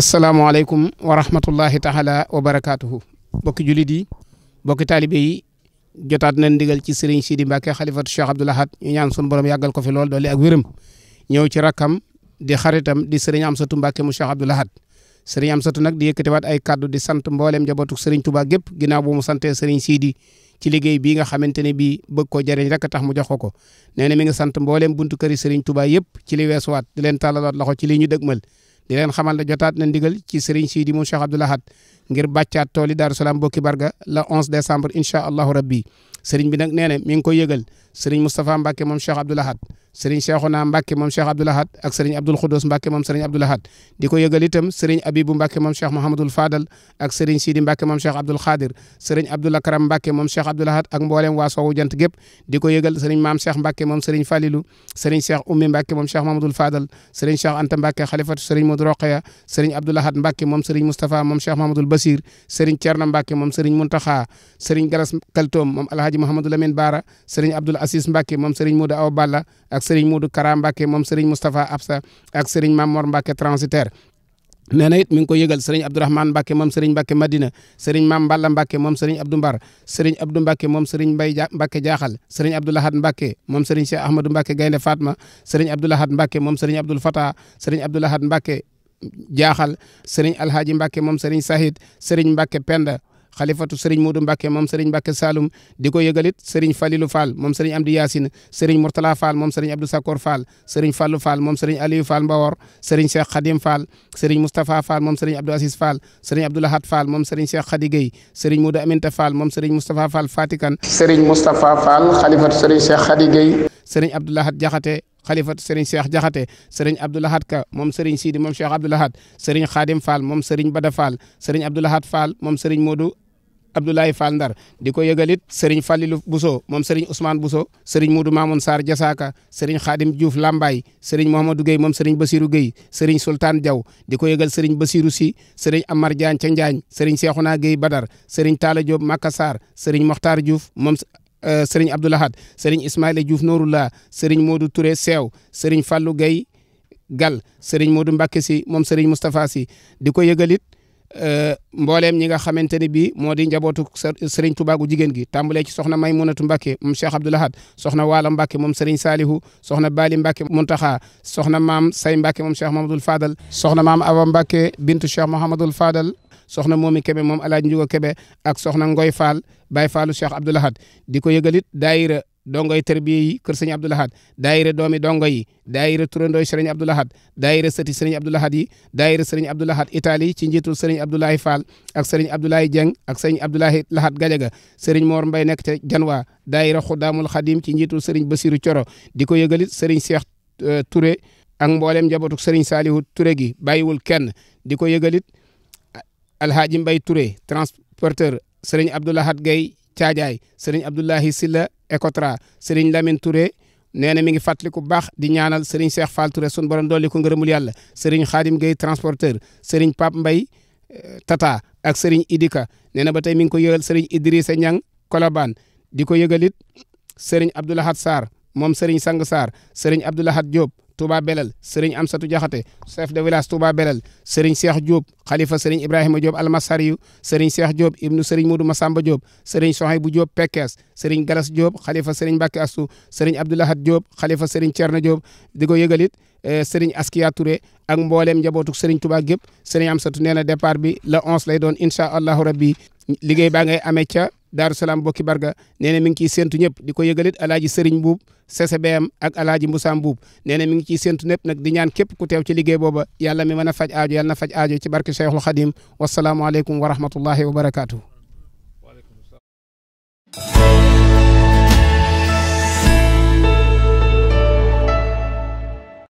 asalaamaaleykum wa rahmatullahi taala wa barakaatuhu bokki jullit yi bokki taalibe yi jotaat nañ ndigal ci sëriñ Sidi Mbacke xalifatu Cheikh Abdoul Ahad ñu ñaan sunu borom yàggal ko fi lool doole ak wéram ñëw ci rakkam di xaritam di sëriñ Amsatu Mbacke mu Cheikh Abdoul Ahad sëriñ Amsatu nag di yëkkatiwaat ay kàddu di sant mboolem njabootu sëriñ Touba gépp ginnaaw bu mu santee sëriñ Sidi ci liggéey bii nga xamante ne bii bëgg ko jëriñ rek tax mu jox ko ko nee na mi ngi sant mboolem buntu këri sëriñ Touba yëpp ci li weesuwaat di leen tàllalaat loxo ci li ñu dëgmal di leen xamal jotaat na ndigal ci Serigne Sidi mu Cheikh Abdoul ngir bàccaat tool yi Daaru Salaam bokki barga le 11 décembre incha allahu rabbi sëriñ bi nag nee na mi ngi koy yëgal sëriñ Moustapha Mbacke moom Cheikh Abdoul Ahad sëriñ Cheikhouna Mbacke moom Cheikh Abdoul Ahad ak sëriñ Abdoul Khoudous Mbacke moom sëriñ Abdoul Ahad di ko yëgal itam sëriñ Fadal ak sëriñ Sidi Mbacke moom Cheikh Abdoul Khadir sëriñ Abdoul Akram Mbacke moom Cheikh Abdoul Ahad ak mboolem waa soowu jant gépp di ko yëgal sëriñ Maam Cheikh Mbacke moom sëriñ Falilou sëriñ Cheikh Oumy Mbacke moom Cheikh Mouhamadul Fadal sëriñ Cheikh Anta Mbacke xalifatu sëriñ Modou Roqaya sëriñ alhaji Mouhamadou Lamine Baara sëriñ Abdoul Aziz Mbacke moom sëriñ Modou Awa Balla ak sëriñ Modou Kara Mbacke moom sëriñ Moustapha Absa ak sëriñ Mamor Mbacke transitaire nee na it ngi ko yëgal sëriñ Abdourahmane Mbacke moom sëriñ Mbacke Madina sëriñ Mam Mballa Mbacke moom sëriñ Abdou Mbar sëriñ Abdou Mbacke moom sëriñ Mbay Mbacke Jaaxal sëriñ Abdoulahad Mbacke moom sëriñ Cheikh Ahmadou Mbacke Gaynde Fatma sëriñ Abdoulahad Mbacke moom sëriñ Abdoul Fatah sëriñ Abdoulahad Mbacke jaaxal sëriñ alhaaji Mbacke moom sëriñ Sahid sëriñ Mbacke Penda xalifatu Serigne Modou Mbacke moom Serigne Mbacke Saloum di ko yëgalit Serigne Falilou Fall moom Serigne Amdi Yacine Serigne Mourtala Fall moom Serigne Abdou Sakor Fall Serigne Fallou Fall moom Serigne Aliou Fall Mbawor Serigne Cheikh Khadim Fall Serigne Moustapha Fall moom Serigne Abdou Aziz Fall Serigne Abdou Lahat Fall moom Serigne Cheikh Khady Gueye Serigne Aminta Fall moom Serigne Moustapha Fall Fatikan Serigne Moustapha Fall xalifatu Serigne Cheikh Khady sëriñ Abdou Lahad Jaxate xalifatu sëriñ Cheikh Jaxate sëriñ Abdou Lahad Ka moom sëriñ Sidi moom Cheikh Abdou Lahad sëriñ Xaadim Fall moom sëriñ Bada Fall sëriñ Abdou Lahad Fall moom sëriñ Modou Abdoulaye Fall Ndar di ko yëgalit sëriñ Fallilou Bousso moom sëriñ Ousmane Bousso sëriñ Moudou Mamoun Sarr Jasaaka sëriñ Khadim Diouf Lambaye sëriñ Mouhamadou Gueye moom sëriñ Basirou Gueye sëriñ Sultan Diaw di ko yëgal sëriñ Basirou Si sëriñ Amar Diagne ca Njaañ sëriñ Cheikhouna Gueye Badar sëriñ Talla Diop Maka Sarr sëriñ Mokhtar Diouf Euh, sëriñ Abdoulahad sëriñ Ismaïla Diouf Nourullah sëriñ Modou Touré Seew seriñ Fallou gay Gal sëriñ Modou Mbacke si moom sëriñ Moustapha si di ko yëgalit euh, mbooleem ñi nga xamante ne bii moo di njabootu sëriñ Tuubaa gu jigéen gi tàmbalee ci soxna Maymunatu Mbacke moom Cheikh Abdoulahad soxna Waala Mbacke moom sëriñ Saalihu soxna Baali Mbacke Muntaxa soxna maam Say Mbacke moom Cheikh Mahamadul Fadal soxna maam Awa Mbacke bintu Cheikh Mahamadul Fadal soxna moomi Kebe moom alaaj Njugo Kebe ak soxna Ngoy Fall Baye Fallu Cheikh Abdoul Ahad di ko yëgalit daayira dongoy tërbiye yi kër sëñ Abdoul Ahad daayira doomi dongo yi daayira turandooy sëriñ Abdoul Ahad daayira sëti sëriñ Abdoul Ahad yi daayira sëriñ Abdoul Ahad Italie ci njiitul sëriñ Abdoulaye Fall ak sëriñ Abdoulaye Dieng ak sëriñ Abdoulaye Lahad Gajaga serin Mor Mbay nekk ca Janwa daayira Xudaamul Xadim ci njiitul sëriñ Basiru Coro di ko yëgalit sëriñ Cheikh euh, Touré ak mboolem njabootu sëriñ Saalihu Touré gi bàyyiwul kenn di ko yëgalit Alhaaji Mbay Touré transporteur Serigne Abdoulahat Gay Caajaay Serigne Abdoulahi Silla Ecotra Serigne Lamine Touré nee na mi ngi fàttali ku baax di ñaanal Serigne Cheikh Fall Touré sun borom dolli ko ngërëmul yàlla Serigne Khadim Gueye transporteur Serigne Pape Mbay eh, Tata ak Serigne Idika nee na ba tey mi ngi ko yëgal Serigne Idrissa Ñang Kolobaan di ko yëgalit Serigne Abdoulahat Sarr moom Serigne Sang Sarr Serigne Abdoulahat Diop Touba Belel Serigne Amsatou Diakhaté chef de village Touba Belel Serigne Cheikh Diop xalifa Serigne Ibrahima Diop Almasariyu Serigne Cheikh Diop ibnu Serigne Modou Massamba Diop Serigne Sohaybou Diop Pekes Serigne Galas Diop xalifa Serigne Mbacké Assou Serigne Abdoulahad Diop xalifa Serigne Thierno Diop di ko yëgalit eh, Serigne Askia Touré ak mbooleem njabootu Serigne Touba gépp Serigne Amsatou nee na départ bi la 11 lay doon incha allahu rabbi liggéey baa ngay amee ca Daaru Salaam bokki barga nee na mi ngi ciy séntu ñëpp di ko yëgalit alaaji seriñ Mbuub CCBM ak alaaji Moussa Mbuub nee na mi ngi ciy séntu ñëpp nag di ñaan képp ku teew ci liggéey booba yàlla mi mën a faj aajo yàlla na faj aajo ci barke Cheikhul Khadim wasalaamualeykum wa rahmatullahi wa barakaatu.